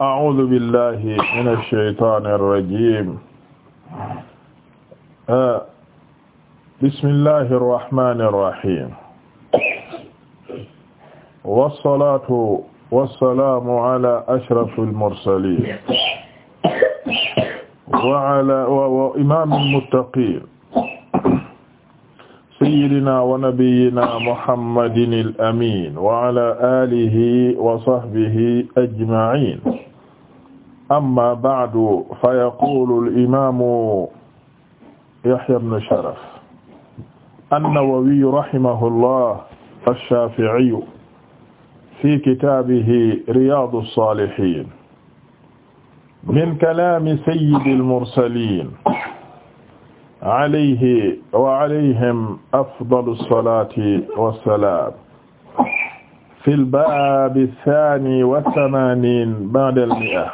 a'uuzu billahi mina shaytaani rajiim uh, bismillahi rahmaani rahiim wassalaatu wassalaamu ala ashrafil mursaliin wa ala wa imaamil muttaqiin sayyidinaa wa nabiyyinaa muhammadinil amiin wa ala aalihi wa sahbihi ajma'iin amma ba'du fa yaqulu al-imaamu Yahya ibn Sharaf an-Nawawi rahimahullah ash-Shafi'i fi kitaabihi Riyaadu s-Saalihiin min kalaami sayyidi l-mursaliin alayhi wa alayhim afdalu s-salaati wa s-salaam fi l-baabi th-thaani wa th-thamaaniin ba'da l-mi'a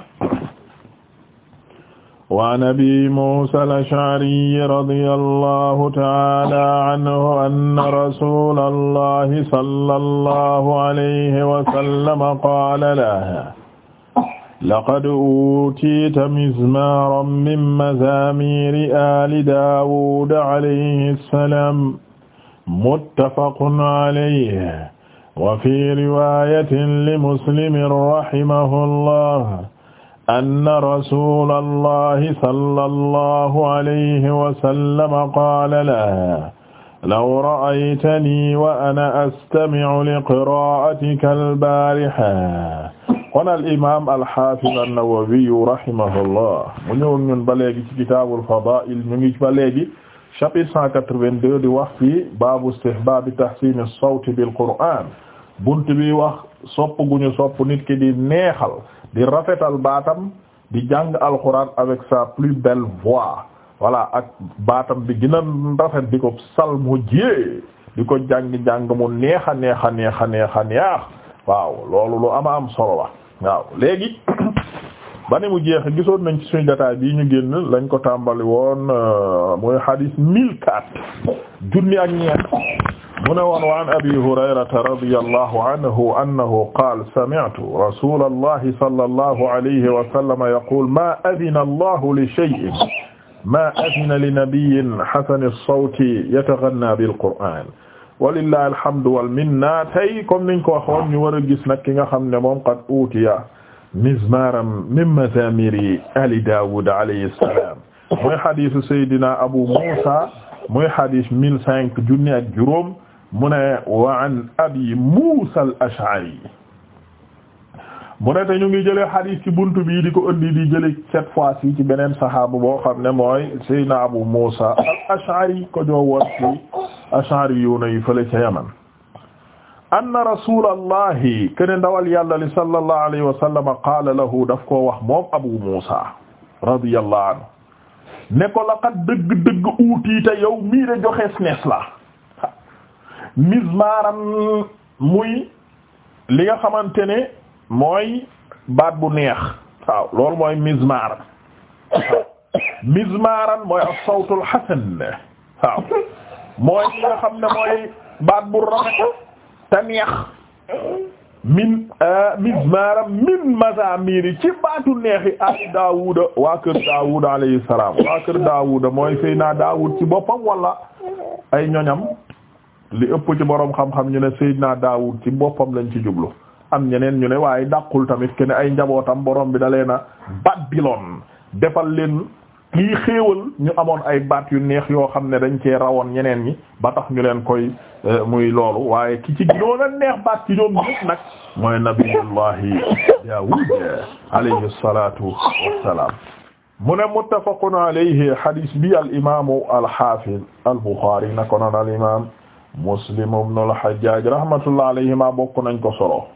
waan abi muusa al-ash'ari radiyallahu ta'ala anhu anna rasulallahi sallallahu alayhi wa sallam qaala laha laqad uutiita mizmaaran min mazaamiiri aali daawuuda alayhi salaam muttafaqun alayhi wa fii riwaayatin li muslimin rahimahullah anna rasuulallahi sallallahu alayhi wa sallam qaala lahu law ra'aytanii wa ana astami'u liqiraa'atika al-baariha kon al-imaam al-haafiz an-Nawawi rahimahullah mu ñëwoon ñun ba léegi ci kitaabul fadaa'il ñu ngi ba léegi chapitre 182 di wax fi baabu istihbaabi tahsiini as-sawti bil-qur'aan bunt bi wax sopp gu ñu sopp nit ki di neexal di rafetal baatam di jàng alxuraan avec sa plus belle voix voilà ak baatam bi gën a rafet di ko psalmodier di ko jàng-jàng mu neex a neex a neex a neex a neex waaw loolu lu ama am solo la waaw léegi ba ne mu jeex gisoon nañ ci suñu jotaay bii ñu génn lañ ko tàmbali woon euh, mooy xadis mille quatre junni ak ñeent mu ne woon wa an abi hurayrata radiyallahu anhu annahu qaala sami'tu rasulallahi sallallahu alayhi wa sallam yaqul ma adina allahu li shay'in ma adina li nabiyyin hasani as-sawti yataghanna bil qur'an walillahi alhamdu wal minna tey comme niñ ko waxoon ñu war a gis nag ki nga xam ne moom qad utiya mizmaram min mazamiri ali Daawuud alayhi mooy xadiisu Seydina Abu Muusa mooy xadiis cinq junni ak juróom mu ne wa an Abi Muusa mu ne te ñu ngi jëlee xadiis ci buntu bii di ko indi di jëlee cette fois ci ci beneen saxaabu boo xam ne mooy Seydina Abu Muusa al-Ash'ari ko joo Ash'ari yu ne yi fële ca Yaman anna rasulallahi kene ndawal yàlla li sallallahu alayhi wa sallam qaala lahu daf koo wax moom Abu Muusa radiyallahu anhu ne ko laqad dëgg-dëgg uutiita yow mii de joxees nees la mizmaaram muy li nga xamante ne mooy baat bu neex waaw loolu mooy mizmaar mizmaaran mooy as-sawtul hasan waaw ne mooy baat bu rafet te neex min euh, mizmaram min mazamiri ci baatu neexi ali Daawuda waa kër Daawuda alayhi salaam waa kër Daawuda mooy Seydina Daawud ci boppam wala ay ñoñam li ëpp ci boroom xam-xam ñu ne naa Daawud ci boppam lañ ci jublu am ñeneen ñu ne waaye dàqul tamit ke ne ay njabootam boroom bi da leen a Babilon defal leen ñuy xéewal ñu amoon ay baat yu neex yoo xam ne dañ cee rawoon ñeneen ñi ba tax ñu leen koy euh, muy loolu waaye ki ci ginoon a neex baat ci ñoom ñëpp nag mooy nabiyullahi Daawuud alayhi salatu wassalam mu ne muttafaqun alayhi hadis bi al imamu alhafid al Bukhari na ko noon al imam Muslim ibn al Hajjaj rahmatullah alayhima bokk nañ ko solo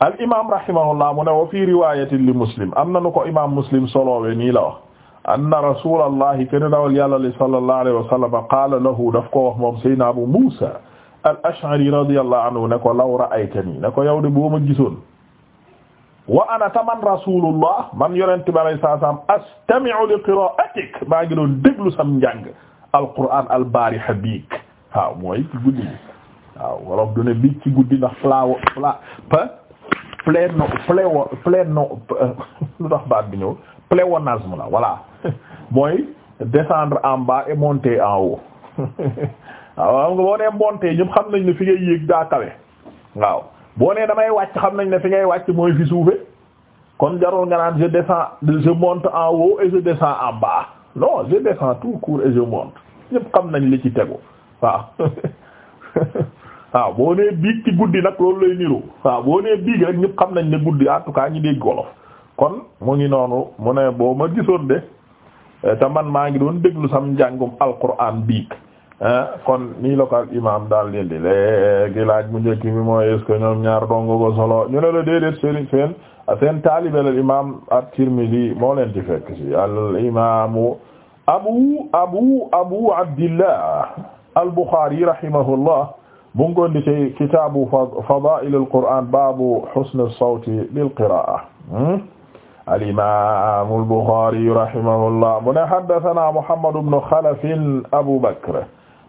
al imam rahimahullah mu ne wa fi riwayatin li Muslim am na nu ko imam Muslim solowe nii la wax anna rasulallahi kene dawal yàlla li sallallahu alayhi wa sallam qaala lahu daf ko wax moom sayyidina Abu Muusa al-Ash'ari radiyallahu anhu ne ko law ra'aytani ne ko yow de boo ma gisoon wa ana taman rasulullah man yonent bi alayhi salaam astami'u li qira'atik maa ngi doon déglu sam njàng alquran albariha biig waaw mooy ci guddi bi waaw wolof du ne biig ci guddi ndax fla fla pléno pléwo pléno lu tax baat bi ñëw pléonasme la voilà mooy descendre en bas et monter en haut waaw nga boo nee monter ñëpp xam nañ ne fi ngay yéeg daa kawe waaw boo nee damay wàcc xam nañ ne fi ngay wàcc mooy fi suufe kon jarul nga naan je descends je monte en haut et je descends en bas non je descends tout court et je monte ñëpp xam nañ li ci tegu waaw waaw boo nee biig ci guddi nag loolu lay niru waaw boo nee biig rek ñëpp xam nañ ne guddi en tout cas ñi dégg wolof kon mu ngi noonu mu boo ma gisoon te man maa ngi doon déglu sam njàngum alquran biig eh, kon nii la ko al imam daal di di léegi laaj mu njëkk bi mooy est ce que ñoom ñaar dong ko seen seen al imam at-Tirmidhi moo leen ci fekk ci al imamu abu abu abu abdillah al-Bukhari rahimahullah bu ngi koon di ci al-Qur'an baabu husn as-sawti lil-qiraa'a hmm? al-imaam al mu ne haddasanaa Muhammad ibn Xalaf Abu Bakr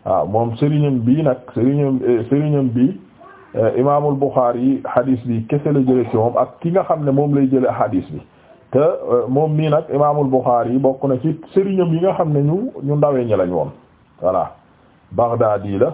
waaw ah, moom sëriñam bii nag sëriñam eh, sëriñam bii eh, imaamul Buxaari hadis bi kese la jëlee ci moom ak ki nga xam ne moom lay jëlee hadis bi te eh, moom mii nag imaamul Buxaari bokk na ci sëriñam yi nga xam ne ñu ñu ndawee ñi lañ woon voilà Bagdaadi la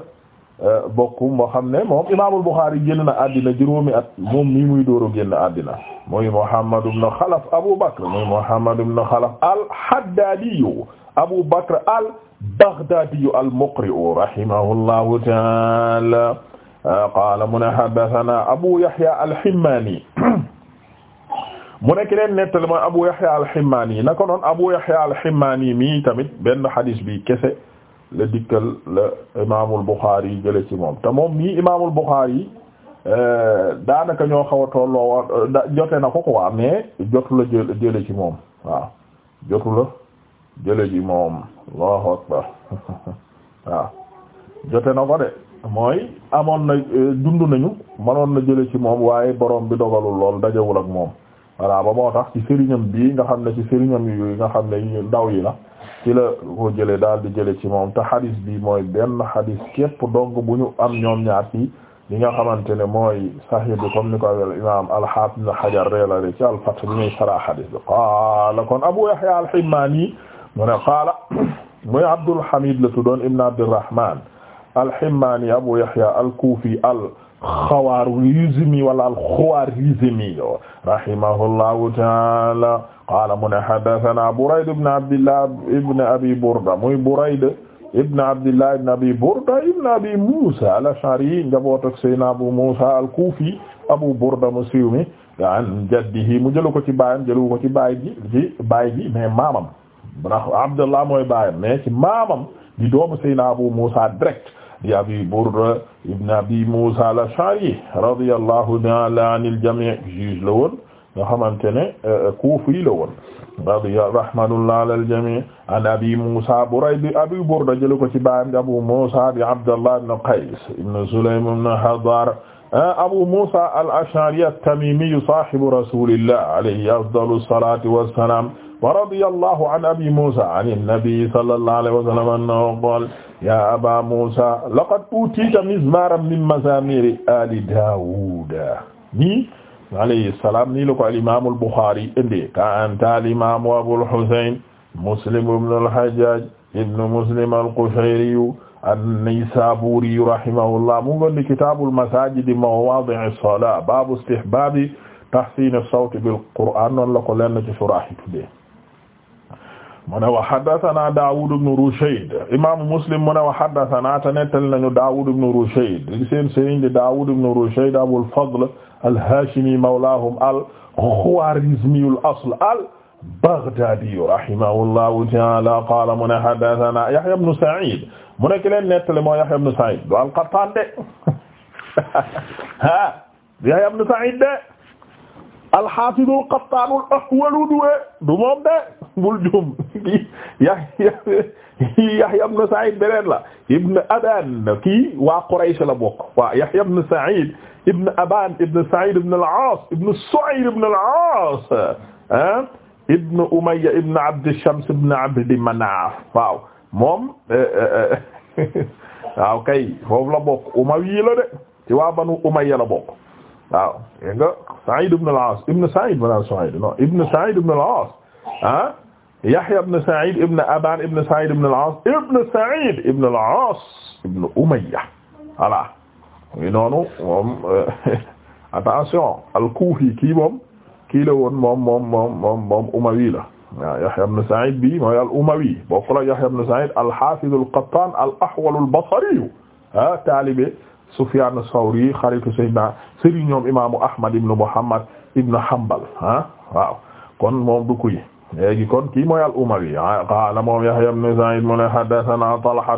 bokk moo xam ne moom imaamul Buxaari génn na àddina juróomi at moom mii muy dóor a génn àddina. muy Muhammad ibn Khalaf Abu Bakr muy Muhammad ibn Khalaf al-Haddadiyu Abu Bakr al-Baghdadiyu al-Muqri'u rahimahullahu ta'ala qaala mu ne haddathana Abu Yahya al-Himmani mu nekk leen nettali mooy Abu Yahya al-Himmani naka noonu Abu Yahya al-Himmani mi tamit benn xadis bi kese la dikkal la Imaamul Bukhari jëlee ci moom te moom mii Imaamul Bukhari. Euh, daanaka ñoo xaw a tolloo wa euh, jote na ko quoi mais jotu la jël jële ci moom waaw jotu la jële ci moom Allahu akbar waaw jote na ko de mooy amoon na euh, dund nañu manoon na jële ci moom waaye borom bi dogalul lool dajewul ak moom voilà ba moo tax ci sëriñam bii nga xam ne ci sëriñam yu nga xam ne ndaw yi la ci la ko jële daal di jële ci moom te xadis bi mooy benn xadis képp dong bu ñu am ñoom ñaar ci li nga xamante ne mooy sahih bi comme ni ko al imam al-Hafiz Ibn Hajar reelale ci al-Fath bi muy sarah hadis bi qaala kon Abu Yahya al-Himmaani mu ne qaala muy Abdul Hamid la tuddoon Ibn Abdirrahman al-Himmaani Abu Yahya al-Kufi al-Khawarizmi wala al-Khawarizmi rahimahullahu ta'ala qaala mu ne haddathana Burayd ibn Abdillah ibn Abi Burda muy Burayd ibn abdillah ibn abi burda ibn abi musa al-ash'ari njaboot ak sayna abu musa al abu burda mu siiw mi an jaddihi mu jëlu ko ci baayam jëlu ci baay ji baay ji mais maamam ndax abdullah mooy baayam mais ci maamam di doomu sayna abu musa direct di abi burda ibn abi musa ta'ala anil jami' juge la woon nga xamante ne euh, kufi la radi rahmatullah ala aljami an abi moussa Burayd abi Burda jële ko ci baayam di abu moussa di Abdallah ibn Qays ibn Sulaym ibn Hadar abu moussa al-Ash'ari at-Tamimi sahibu rasulillah alayhi afdalu salati wassalam wa radiya allahu an abi moussa an an-nabi sallallahu alayhi wa sallam annahu qala ya aba moussa laqad utita mizmaran min mazamiri ali Dawud alayhi salaam nii la ko al imaamu al Buxaari indi ka anta al imaamu Abul Husayn Muslim ibn al Hajjaj ibn Muslim al Qushayri an-Naysaburi rahimahullah mu ngondi kitaabul masaajid mawaadi' as-salaat baabu istihbaabi tahsiin as-sawt bil Qur'aan noonu la ko leen ci suraax yi tuddee mu ne wa haddathana Daawud ibn Rushayd imaamu Muslim mu ne wa haddathana te nettali nañu Daawud ibn Rushayd di seen sëriñ di Daawud ibn Rushayd Abul Fadl al-Haashimi mawlaahum al-Khawaarizmi al-asl al-Baghdaadi rahimahullahu ta'aala qaala mu ne haddathana Yahya ibn Sa'iid mu ne ki leen nettali moo Yahya ibn Sa'iid du al-Qattaan de Yahya ibn Sa'iid de alxaafidul qaftaanul ahwaluduwe du moom de bul juum Yahya Yahya ibn Sa'id beneen la ibn Aban kii waa Quraysh la bokk waa Yahya ibn Sa'id ibn Aban ibn Sa'id ibn al-Aas ibn Su'ayr ibn al-Aas ah ibn Umayya ibn Abd Shams ibn Abd Manaf waaw moom eh, eh, eh, waaw kay foofu la bokk Umayyi la de ci waa Banu Umayya la bokk waaw yég nga Sa'id ibn al-As ibn Sa'id mana Sa'id non ibn Sa'id ibn al-As ah Yahya ibn Sa'id ibn Aban ibn Sa'id ibn al-As ibn Sa'id ibn al-As ibn Umayya voilà ngi noonu moom euh, attention al-Kufi kii moom kii la woon moom moom moom moom moom Umawi la waaw Yahya ibn Sa'id bi mooy al-Umawi bokkul ak Yahya ibn Sa'id al-Hafiz al-Qattan al-Ahwal al-Basri ah taalibe Sufyaan as-Sawri xaritu sayyidina sëriñ ñoom imaamu Ahmad ibn Muhammad ibn Hanbal ah waaw kon moom du kuy léegi kon kii mooy al-Umawi ah, qaala moom Yahya ibn Sa'id mu ne haddathanaa Talha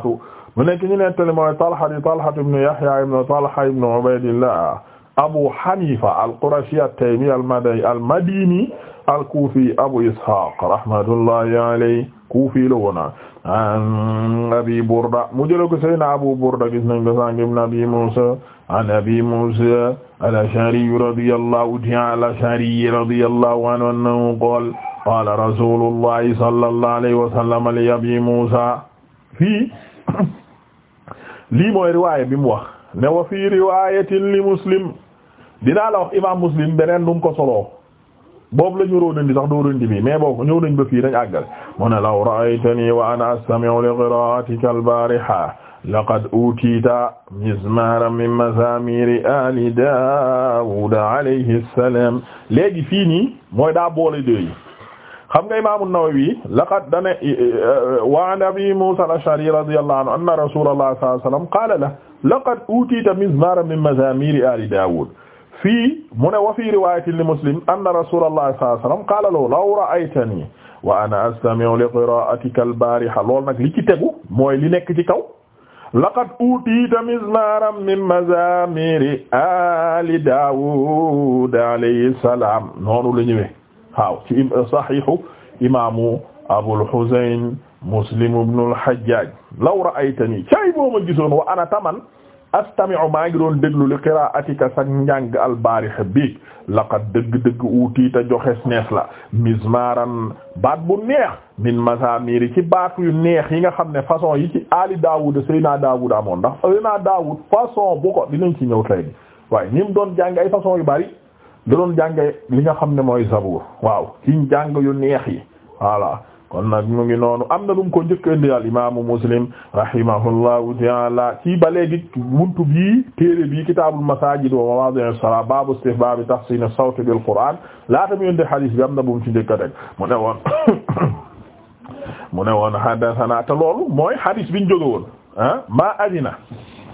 mu nekk ñu nettali mooy Talha di Talha ibn Yahya ibn Talha ibn Ubaydillah Abu Hanifa al-Qurashi at-Taymi al-Madani al-Madini al-Kufi Abu Ishaq rahmatullahi alayhi kuufi la woon an abi burda mu jëla ko sayna abu burda gis nañ ko sànq ibn abi musa an abi musa al-ash'ari radiyallahu ta'ala al-ash'ari radiyallahu anhu annahu qaala qaala rasulullahi sallallahu alayhi wa sallam li abi musa fii lii mooy riwaaya bi mu wax ne wa fii riwaayatin li muslim dinaa la wax imam muslim beneen dum ko solo boobu la ñu waroon indi sax doo indi bi mais boobu ñëw nañ ba fii dañ àggal mu ne law ra'aytani wa ana astami'u li qira'atika al-bariha laqad utiita mizmaran min mazamiri ali daawuda alayhi salam léegi fii nii mooy daa boole doy xam nga imaamu Nawawi laqad dane wa an abi Musa al-Ash'ari radiyallahu anhu anna rasulullah sallallahu alayhi wasallam qala lahu laqad utiita mizmaran min mazamiri ali daawud fii mu ne wa fii riwaayatin li muslim anna rasuulallahi sallallahu alayhi wa sallam qaala lahu law ra'aytanii wa ana astami'u li qiraa'atika al-baariha loolu nag li ci tegu mooy li nekk ci kaw laqad utiita mizmaaran min mazaamiri aali daawuud alayhi salaam noonu la ñëwee waaw ci saxiixu imaamu abul husayn muslim ibnul hajjaaj law ra'aytanii cay boo ma gisoon wa ana taman astami'u maa ngi doon déglu li qira'atika sak njàng albaarixa bi laqad dëgg-dëgg uutii te joxes nees la mizmaran baat bu neex min masamiri ci baat yu neex yi nga xam ne façon yi ci ali Daawud Seydina Daawud amoon ndax Seydina Daawud façon bu ko dinañ ci ñëw tay waaye ñi doon jàng ay façon yu bari da doon jànge li nga xam ne mooy zabuur waaw ci jàng yu neex yi voilà kon nag mu ngi noonu am na lu mu ko njëkk indi al imaamu muslim rahimahullahu taala ci ba léegi buntu bii téere bii kitaabul masaajid wa mawaadi'is salaa baabu istihbaabi tahsiini sawti bil qur'aan laata mu indi hadiis bi am na bu mu ci njëkk a teg mu ne woon mu ne woon mooy hadiis biñ jóge woon ah maa adina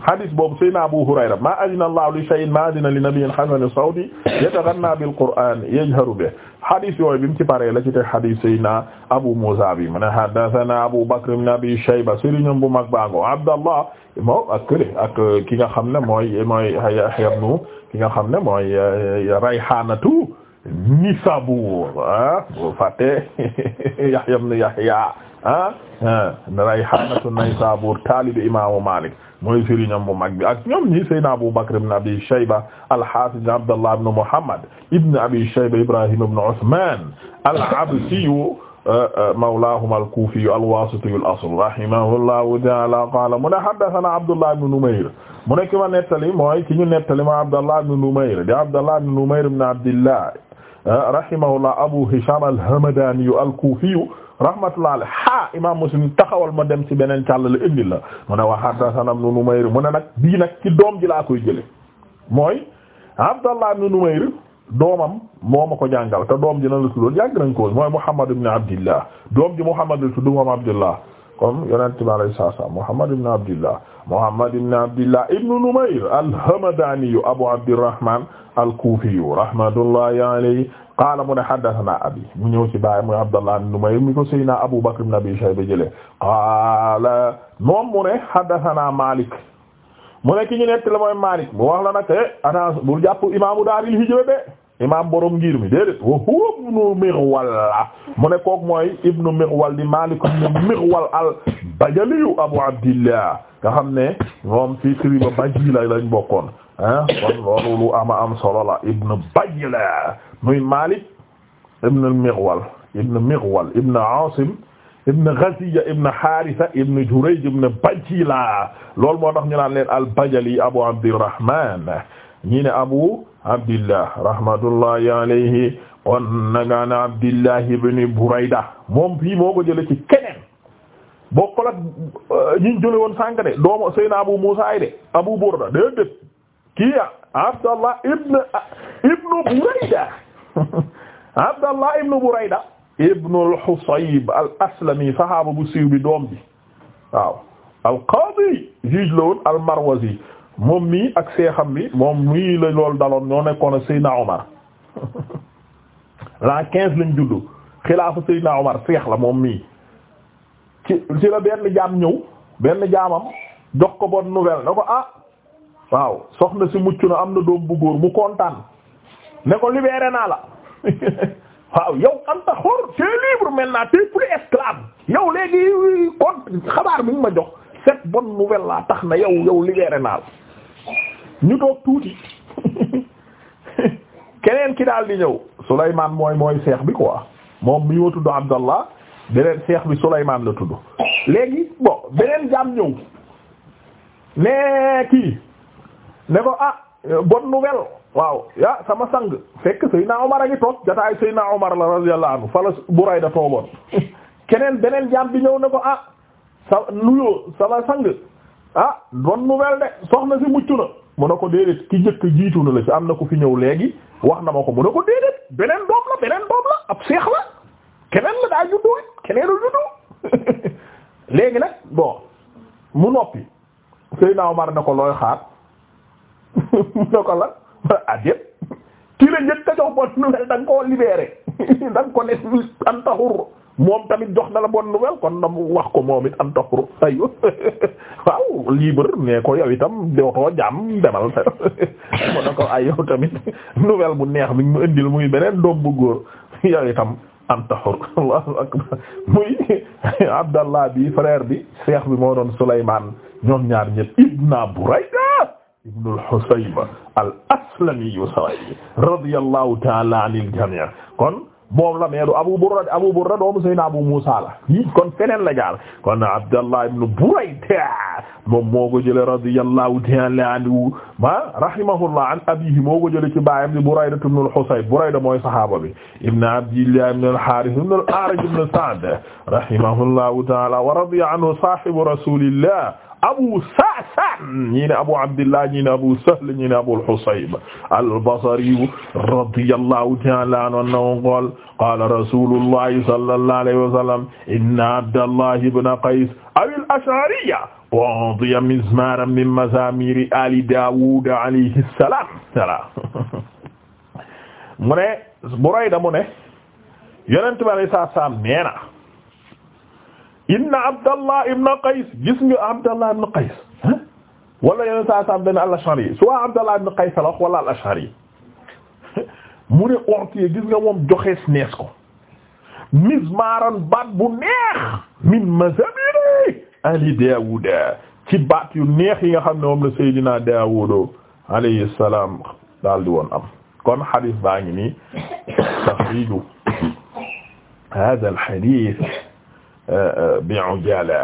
hadis boobu Seydina Abu Hurayra ma adina Allahu li shay'in ma adina li nabiyyin hasanin sawti yataghanna bil Qur'an yajharu bihi hadis yooyu bi mu ci paree la ci teg hadis Seydina Abu Musa bi mu ne haddathana Abu Bakr ibn Abi Shayba sëriñam bu mag baango Abdallah moom ak kële ak ki nga xam ne mooy mooy xeebnu ki nga xam ne mooy eh, Rayhanatu Nisabur ah bu fàtte Yahya ibn Yahya ah, ah Rayhanatu Nisabur taalibi imaamu Malik mooy sëriñam bu mag bi ak ñoom ñi Seydina Abu Bakr ibn Abi Shayba al-Hafiz Abdallah ibn Muhammad ibn Abi Shayba Ibrahim ibn Uthman al-Absi mawlaahum al-Kuufiyu al-Waasitiyu al-asl rahimahullahu ta'aala qaala mu ne haddathanaa Abdullah ibn Numayr mu nekk ma nettali mooy ki ñu nettali ma Abdullah ibn Numayr di Abdullah ibn Numayr ibn Abdillah ah, rahimahullah Abu Hisham al-Hamdaaniyu al-Kuufiyu rahmatullah alah ha imam Muslim taxawal ma dem ci beneen càllale indi la mu ne wa haddathanaa ibn Numayr mu ne nag bii nag ci doom ji laa koy jële mooy Abdullah ibn Numayr doomam moo ma ko doom ji na la tuddoon yàgg nañ ko mooy Muhammad ibn Abdillah doom ji Muhammad la tudd moom Abdillah comme yonent bi alayhi salaam Muhammad ibn Abdillah Muhammad ibn Abdillah ibn Numayr al-Hamadani Abu Abdirrahman al-Kufi rahmatullahi alayhi qaala mu ne haddathana abi mu ñëw ci baay Abu Bakr ibn Abi Shayba jëlee qaala Malik mu ne ki ñu nekk Malik mu wax la eh, ana bul jàpp imaamu daaril hijra de imaam borom ngir mi déedéet wa huwa ibnu Mighwal mu ne kook mooy ibnu Mighwal di al-Bajaliyu Abu Abdillah nga xam ne ah, ama am solo la ibnu Bajila muy Maalik ibnu Mighwal ibnu Mighwal Aasim ibnu Ghaziya ibnu Haarisa ibnu Jurayj ibnu Bajila loolu moo tax ñu leen al-Bajali Abu Abdirrahmaan ñi ne Abu abdillah rahmatullahi alayhi kon nanga na abdillah ibn burayda moom fii moo ko jële ci keneen bokkul ak euh, ñi jële woon sànq de doomu seyna abu musa ay de abu burda déedéet kii abdallah ibn ibn burayda abdallah ibn burayda ibn al-husayb al-aslami sahaaba bu siiw bi doom bi waaw al-qaadi juge la woon al-marwazi moom mii ak seexam bi moom mii la loolu daloon ñoo nekkoon ak Seydina Omar l'an quinze lañ judd xilaafu Seydina Omar seex la moom mii ci ci la benn jaam ñëw benn jaamam jox ko bonne nouvelle ne ko ah waaw soxna si mucc na am na doom bu góor mu kontaan ne ko libéré naa la waaw yow anta xor t'es libre maintenant t'es plus esclave yow léegi kon xabaar bi ma jox cette bonne nouvelle la tax na yow yow libéré naa la ñu toog tuuti keneen ki daal di ñëw Souleymane mooy mooy seex bi quoi moom mi woo tudd Abdallah beneen seex bi Souleymane la tudd léegi bon beneen jaam ñëw ne kii ne ko ah bonne nouvelle waaw ah sama sang fekk Seydina Omar a ngi toog jotaay Seydina Omar la radiyallahu anhu fala Burayda toogoon keneen beneen jaam bi ñëw ne ko ah sa nuyoo sama sang ah bonne nouvelle de soxna si mucc na. mu ne ko déedéet ki njëkk jiitu na la ci am na ko fi ñëw léegi wax na ma ko mu ne ko déedéet beneen doom la beneen doom la ab seex la keneen la daa juddu keneenu juddu léegi nag bon mu noppi Seydina Omar na ko looy xaar mu ne ko la addeet ah kii la njëkk a jox bonne nouvelle da nga koo libéré da ko ne antaxur moom tamit jox na la bonne nouvelle kon na mu wax ko moom it an toxru ayu waaw libre ne ko yow itam dootoo jàmm demal sa mu ne ko ay yow tamit nouvelle bu neex bi mu indil muy beneen doom bu góor yow itam an toxru allahu akbar muy abdallah bi frère bi cheikh bi moo doon Sulaymaan ñoom ñaar ñëpp ibna Burayda ibnu al al-Aslami yu saway radiyallahu ta'ala anil jami' kon moom la mais du Abu Burda Abu Burda doomu Seydina Abu Muusa la i kon feneen la jaar kon Abdallah ibn Burayda moom moo ko jële radiyallahu ta'ala anhu ma rahimahullah an abihi moo ko jële ci baayam di Burayda ibn al-Husayb Burayda mooy sahaaba bi ibn Abdillah ibn al-Harith ibn al-A'raj ibn Sa'd rahimahullahu ta'ala wa radiya anhu sahibu rasulillah abu Sa'san ñii ne abu Abdillah ñii ne abu Sahl ñii ne abu al-Husayb al-Basri radiyallahu ta'ala anhu qaala qaala rasuulullahi sallallahu alayhi wa sallam inna Abdallahi ibn Qays awi al-Ash'ariyya u'tiya mizmaaran min mazaamiiri aali Daawuud alayhi salaam mu ne Burayda mu ne Yonent bi alayhi salaam nee na inna abdallah ibn qays gis nga abdallah ibn qays ah? wala yeneen saa saam benn al-Ash'ari soit abdallah ibn qays la wax wala al-Ash'ari mu ne ontiye gis nga moom joxees nees ko mizmaaran baat bu neex min mazamiri ali daawuda ci baat yu neex yi nga xam ne moom la seydina daawudo alayhi salaam daal di woon am kon hadith baa ngi nii taxriiju haadha al-hadith bi'ujala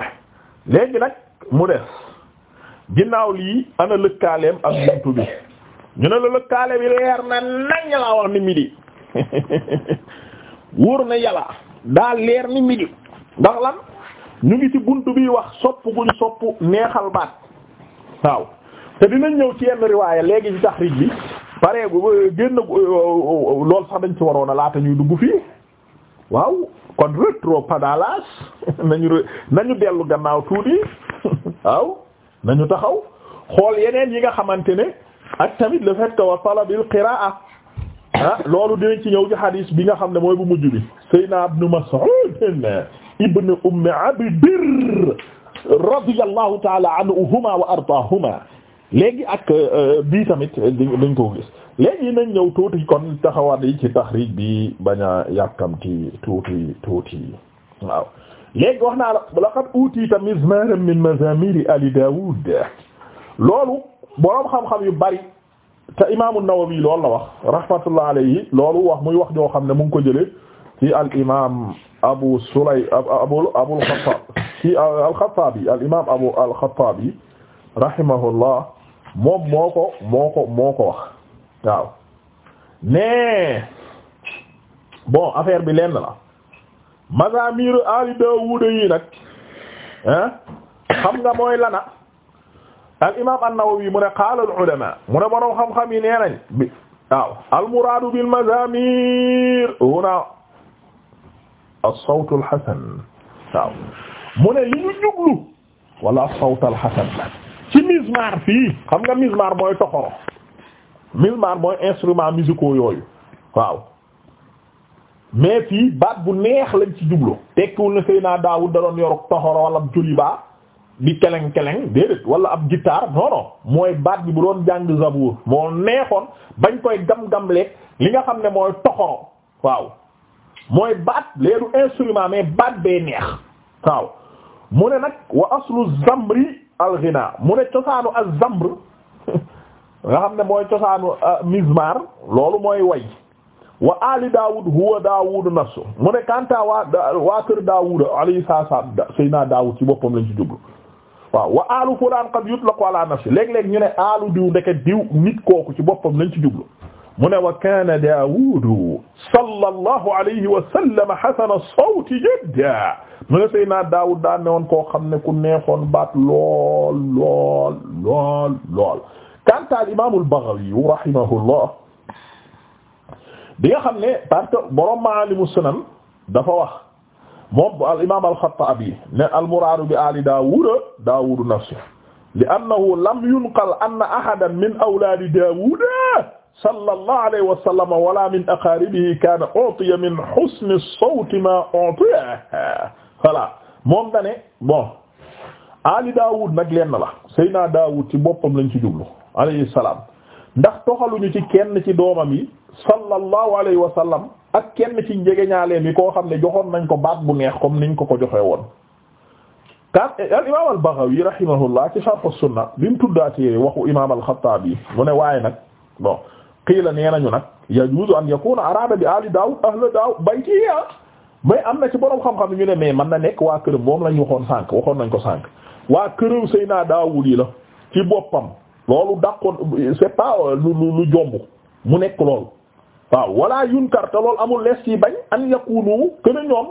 léegi nag mu des ginnaaw lii ana lëkkaaleem ak buntu bi ñu ne la lëkkaale bi leer na nañ laa wax ni midi wóor na yàlla daa leer ni midi ndax lan ñu ngi ci buntu bi wax sopp guñ sopp neexal baat waaw te dinañ ñëw ci yenn riwaaya léegi ci taxrij bi pareegu génn lool sax dañ ci waroon a laata ñuy dugg fii waaw kon rétropédalage nañu nañu dellu gannaaw tuuti waaw nañu taxaw xool yeneen yi nga xamante ne ak tamit le fait que wa talabil qiraa ah loolu dinañ ci ñëw ci hadis bi nga xam ne mooy bu mujj bi naa Seydina Ibnu Mas'ud ibnu Ummi Abdir radiyallahu ta'ala anhuma wa ardaahuma léegi ak euh, bii tamit euh, dañ ko gis léegi ñëw tuuti kon taxawaat yi ci taxriij bi bañ a yàkkamti tuuti tuuti waaw léegi wax naa la laqad utiita mizmaran min mazamiri ali Daawud loolu boroom xam-xam yu bari te imaamu Nawawi loolu la wax rahmatullah alayhi loolu wax muy wax joo xam ne mu ngi ko jëlee ci al imaam Abu Sulay abu Abul Xattaab ci euh, al Xattaabi al imaam Abu al Xattaabi rahimahullah moom moo ko moo ko moo bon affaire bi lenn la mazamir ali Daawuud yi nag ah xam nga mooy lana al imam ne al ulama mu ne borom al muraadu bil mazamir huna as-sawt al hasan mu ne li ñu jublu wala as-sawt al hasan ci mismar fii xam nga mismar mooy toxoro mismar mooy instrument musicaux yooyu waaw mais fii baat bu neex lañ ci jublu tekkiwul na sëy naa Daawud da doon yorog toxoro wala ab julibaa bi keleng keleng déedéet wala ab guitare non mooy baat bi bu doon jàng zabuur moo neexoon bañ koy gam-gamleeg li nga xam ne mooy toxoro waaw mooy baat leedu instrument mais baat bee neex waaw mu ne nag wa aslu zamri alxinaa mu ne cosaanu az-zamr nga xam ne mooy cosaanu euh, mizmar loolu mooy way wa ali daawud huwa daawud nafsu mu ne kanta waa waa kër daawud alayhi salaam sayna daawud ci boppam lañ ci jublu waaw wa alu fulaan qad yutlaqu ala nafsi léeg-léeg ñu ne alu diw ndeke diw nit kooku ci boppam lañ ci jublu mu ne wa kaana daawud sallallahu alayhi wa sallam hasana sawti jiddan mu ne Seydina Daawud daa ne woon koo xam ne ku neexoon baat lool lool lool lool kanta al imaamul Baghawi rahimahullah bi nga xam ne parce que borom Maalimu Sunan dafa wax moom al imaam al-Xattaabi ne al-muraadu bi aali Daawuda Daawudu nafsu li annahu lam yunqal anna ahadan min awlaadi Daawuda sallallahu alayhi wa sallam wala min aqaaribihi kaana utiya min husni sawti maa utiya voilà moom da ne bon ali Daawud nag lenn la Seydina Daawud ci boppam lañ ci jublu alayhi salaam ndax toxaluñu ci kenn ci doomam yi sallallahu alayhi wa sallam ak kenn ci njegeñaaleem yi koo xam ne joxoon nañ ko baat bu neex comme niñ ko ko joxee woon. kan eh, al imaam al Baghawi rahimahullah ci Sharh as-Sunna bi mu tuddaatee waxu imaam al mu ne waaye nag bon qiila nee nañu nag yajuuzu an yakuuna araada bi ali Daawud ahla Daawud baytihi ah. mais am na ci borom xam-xam ñu ne mais man na nekk waa këram moom lañ waxoon sànq waxoon nañ ko sànq waa këram Seydina Daawuud yi la ci boppam loolu dàqoon c'est pas euh, lu lu jomb mu nekk loolu waaw wala yunkar te loolu amul lees ci bañ an yakunu kën a ñoom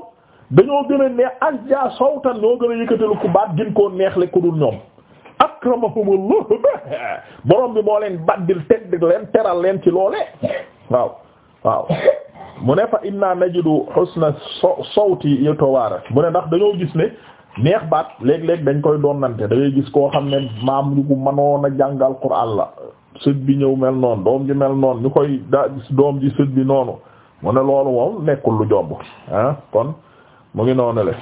dañoo gën a neex azja sawtan ñoo gën a yëkkatalu ku baat gën koo neex le ku dul ñoom akramahumullah borom bi moo leen baddil tedd leen teral leen ci loole waaw waaw mu ne fa inna najidu na so sawti yutawaaras mu ne ndax dañoo gis ne neex baat léeg-léeg dañ koy doon da ngay gis koo xam ne maam ñu ko mënoon a jàngal Alxuraan la sët bi ñëw mel noonu doom ji mel noonu ñu koy da doom ji sët bi noonu mu ne loolu moom nekkul lu jomb ah kon mu ngi noonu le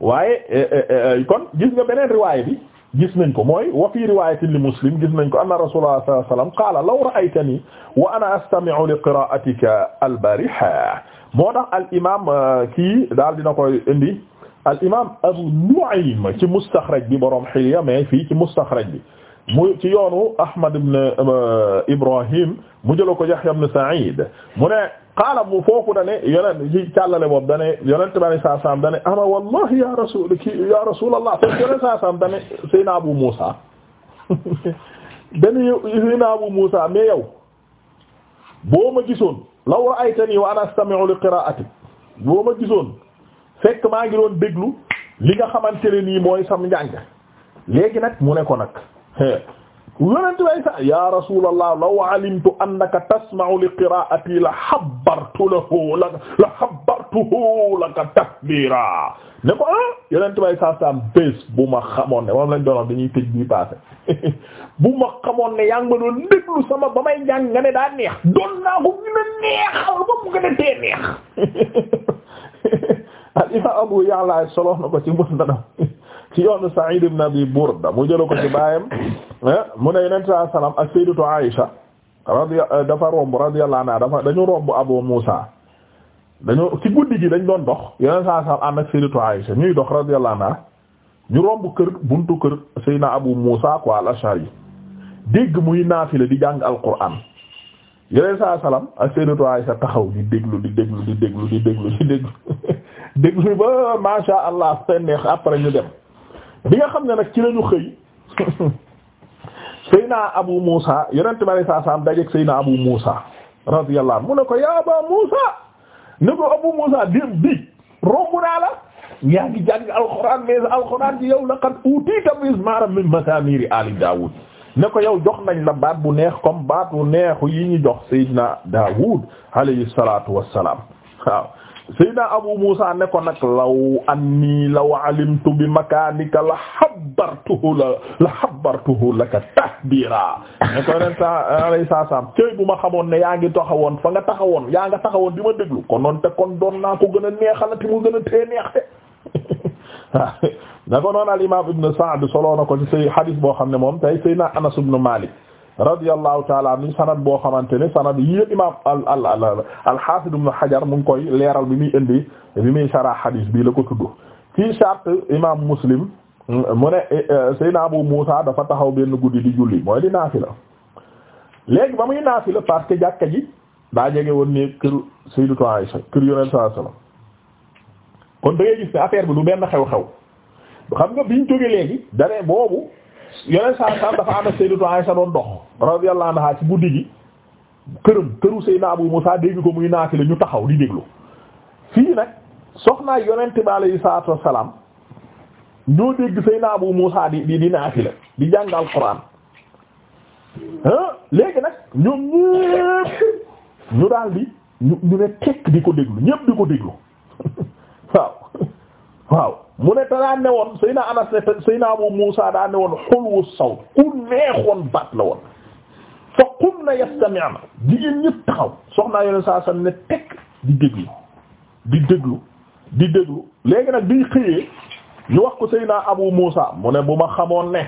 waaye eh, eh, eh, kon gis nga beneen riwaay bi gis nañ ko mooy wa fi riwaayatin li muslim gis nañ ko anna rasulullah sallallahu alayhi wasallam qaala law ra'aytani wa ana astami'u li qira'atika al-bariha moo tax al imam euh, kii daal dina koy indi al imam Abu Nu'aym ci mustaxraj bi borom Hilya mais fii ci mustaxraj bi mu ci yoonu Ahmad ibn euh, Ibrahim mu jëla ko Yahya ibn Sa'id mu ne qaala mu foofu dane yonent ci càllale boobu dane yonent bane saa saam dane ama wallahi ya rasul ki ya rasulallah fekk yonent saa saam dane Seydina Abu Muusa dane Seydina Abu Muusa mais yow boo ma gisoon law ra'aytani wa ana astami'u li qira'atik boo ma gisoon fekk maa ngi doon déglu li nga xamante ne nii mooy sam njàng léegi nag mu ne ko nag yonente bay sa ya rasulallah law alimtu annaka tasma'u li qira'ati la habbartu lahu la la habbartuhu laka takbira ne ko ah yonente bay sa sam bés bu ma xamoon ne moom lañ doonoon dañuy bi passé bu ma xamoon ne yaa may jàng ne daa neex doon naa ko gën a neex al imam Abu Ya'la solo na ko ci mën na dam ci yoonu Sa'id ibn Abi Burda mu jëla ko ci baayam eh, mu ne yonent saa salaam ak sayyidatu Aisha radiya euh, dafa romb radiyallahu anha dafa dañu romb Abu Musa dañu ci guddi gi dañ doon dox yonent saa salaam ànd ak sayyidatu Aisha ñuy dox radiyallahu anha ñu romb kër buntu kër Seydina Abu Musa quoi al-Ash'ari dégg muy naafila di jàng al-Qur'an yonent saa salaam ak sayyidatu Aisha taxaw di déglu di déglu di déglu di déglu di déglu déglu ba masha Allah seen neex après ñu dem bi nga xam ne nag ci lañu xëy Seyna Abu Musa yonent bi saa saam dajeek Seyna Abu Musa radiyallahu anhu mu ne ko yaa Aba Musa ne ko Abu Musa dem bi romb la yaa ngi jàng alxuraan min masamiri ali Daawud ne ko yow jox nañ la baat bu neex comme baat bu neexu yi ñu jox Seydina Daawud alayhi salaatu wassalaam waaw Seydina Abu Musa ne ko nag law anni law alimtu bi makaanika la xabartuhu la la xabartuhu laka tahbira ne ko ren saa alayhi salaam cëy bu ma xamoon ne yaa ngi taxawoon fa nga taxawoon yaa nga taxawoon di ma déglu kon noonu te kon doon ko gën a neexalati mu gën a tee neex de na ko noonu al imaam Ibn Sa'd soloo na ko ci say xadis boo xam ne moom tey Seydina Anas ibn Malik radiyallahu taala anhu sanad boo xamante ne sanad yii imaam al al al al-Haafid ibn Hajar mu ngi koy leeral bi muy indi bi muy sarah hadis bi la ko tudd fii chart imaam Muslim mu ne eh, eh, Seydina Abu Muusa dafa taxaw benn guddi di julli mooy di naafila léegi ba muy naafila parce que jàkka ji daa jege woon ne kër Sayyidatu Aisha kër Yonent sallallahu kon da gis ne affaire bi du benn xew-xew xam nga biñ jóge léegi dane boobu yoneen sa saa dafa ànd ak Sayyidatu Aisha doon dox radiyallahu anha ci guddi gi këram këru Seydina Abu Musa dégg ko muy naati la ñu taxaw di déglu fii nag soxnaa yonent bi alayhi salaatu wassalaam ñoo dégg Seydina Abu Musa di di di naati la di jàng alquran ah léegi nag ñoom ñépp ñu daal di ñu ñu ne tekk di ko déglu ñépp di ko déglu waaw waaw mu ne te daa ne woon Seydina Anas ne Seydina Abu Muusa daa ne woon xulwu saw ku neexoon baat la woon fa qumna yastami'na jigéen ñëpp taxaw soxnaa yoneen saa san ne teg di déglu di déglu di déglu léegi nag biy xëyee ñu wax ko Seydina Abu Muusa mu ne bu ma xamoon ne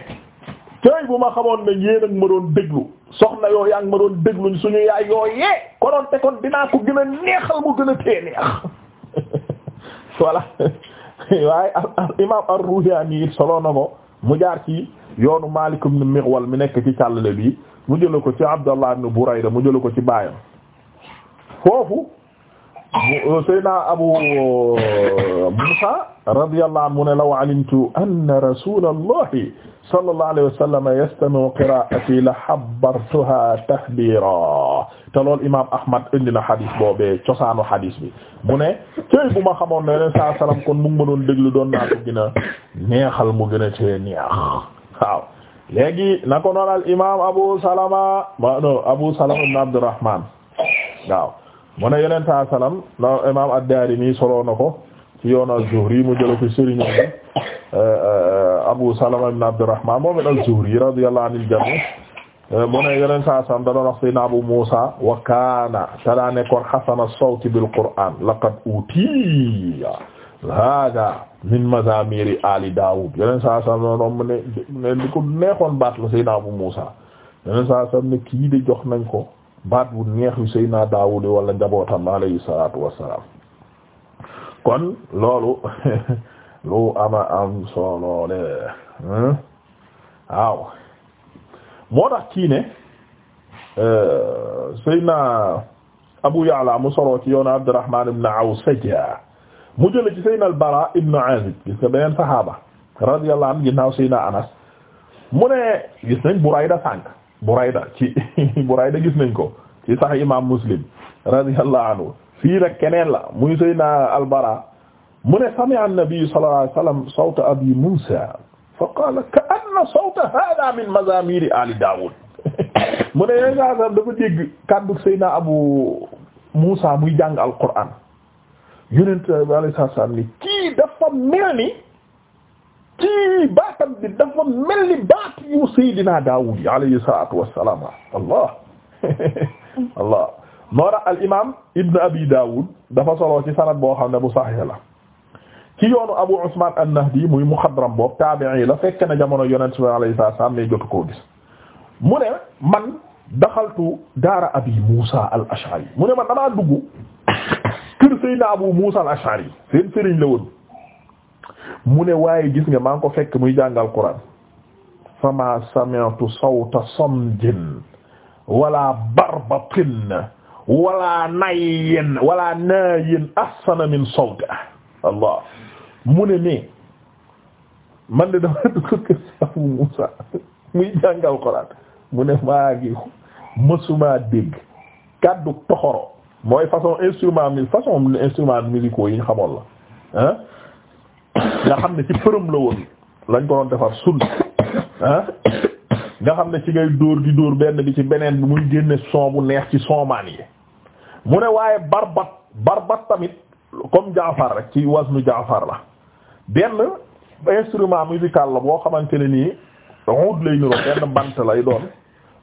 tey bu ma xamoon ne yéen ak ma doon déglu soxna yoo yaa ngi ma doon dégluñ suñu yaay yooyee konoon te kon dinaa ko gën a neexal mu gën a tee neex voilà waaye imaam ar-Ruhani it solo na ko mu jaar ci yoonu Maalik ibn Mighwal mi nekk ci càllale bi mu jëla ko ci Abdallah ibn Burayda mu jëla ko ci baayam foofu euh, Seydina Abu euh, Musa radiyallahu anhu mu ne law alimtu anna rasulallahi sallallahu alayhi wa sallam yastami'u qira'ati la habbartuha tahbira te loolu imaam Ahmad indi na xadis boobee cosaanu xadis bi mu ne tey bu ma xamoon ne leen saa salaam kon mu ngi ma doon déglu doon naa ko gën a neexal mu gën a cee neex waaw léegi na ko noon al imaam Abu Salama no Abu Salama ibn Abdurrahman waaw mu ne yeneen saa salaam no imaam ad-Daarimi soloo na ko. ci yoon az-Zuhri mu jël ko sëriñ euh, euh, Abu Salama ibn Abdurrahman moom it az-Zuhri radiyallahu anil jami euh, mu ne yeneen saa saam da Abu Musa wa kaana te daa nekkoon hasana as-sawti bil Qur'an laqad utiya hada min mazamiri ali Daawud yeneen saa saam noonu ne ne li ko neexoon baat la sayna Abu Musa yeneen saa saam ne kii de jox nañ ko baat wu bu neexu sayna Daawud wala njabootam alayhi salaatu wassalaam kon loolu lu ama am soloolee waaw moo tax kii ne euh, Seydina Abu Ya'la mu soloo ci yoon Abdurrahman ibn Awsaja mu jële ci Seydina al-Bara ibn Azib gis nga beneen saxaaba radiyallahu anhu ginnaaw Seydina Anas mu ne gis nañ Burayda sànq Burayda ci Burayda gis nañ ko ci sax imaam Muslim radiyallahu anhu fii nag keneen la muy Seydina Albara mu ne sami'a an-nabi sallallahu alayhi wa sallam sawta abi Musa fa qala ka anna sawta hadha min mazamiri ali Dawud mu ne yooyu nga xam dafa dégg kàddu Seydina Abu Musa muy jàng al-Qur'an yonent bi alayhi salaam ni kii dafa mel ni kii baatam bi dafa mel ni baat yu Seydina Dawud alayhi salaatu wa salaam Allah Allah noora al imaam Ibn Abi Dawud dafa soloo ci sanad boo xam ne bu saxiix la ci yoonu Abu Usman an-Nahdi muy muxadram boobu taabi'i la fekk na jamono yonent bi alayhi salaam ne jotu koo gis mu ne man daxaltu daara Abi Muusa al-Ash'ari mu ne man damaa dugg kër Seydina Abu Muusa al-Ash'ari seen sëriñ la woon mu ne waaye gis nga maa ngi ko fekk muy jàngal Qur'an fama sami'tu sawta samjin wala barbatin wala nayyin wala nayyin ahsana min sawta allah mu ne ne man de dama dugg kër Abu Muusa muy jàngal Alxuraan mu ne maa ngi mësuma dégg kàddu toxoro mooy façon instrument mi façon instrument musicaux yi ñu xamoon la ah nga xam ne ci përëm la woon lañ ko doon defar sul ah nga xam ne ci ngay dóor di dóor benn bi ci beneen bi muy génne son bu neex ci sonmaan yi mu ne waaye barbat barbat tamit comme jaafar rek ci wasnu jaafar la benn instrument musical la boo xamante ne nii oud lay niroo benn bant lay doon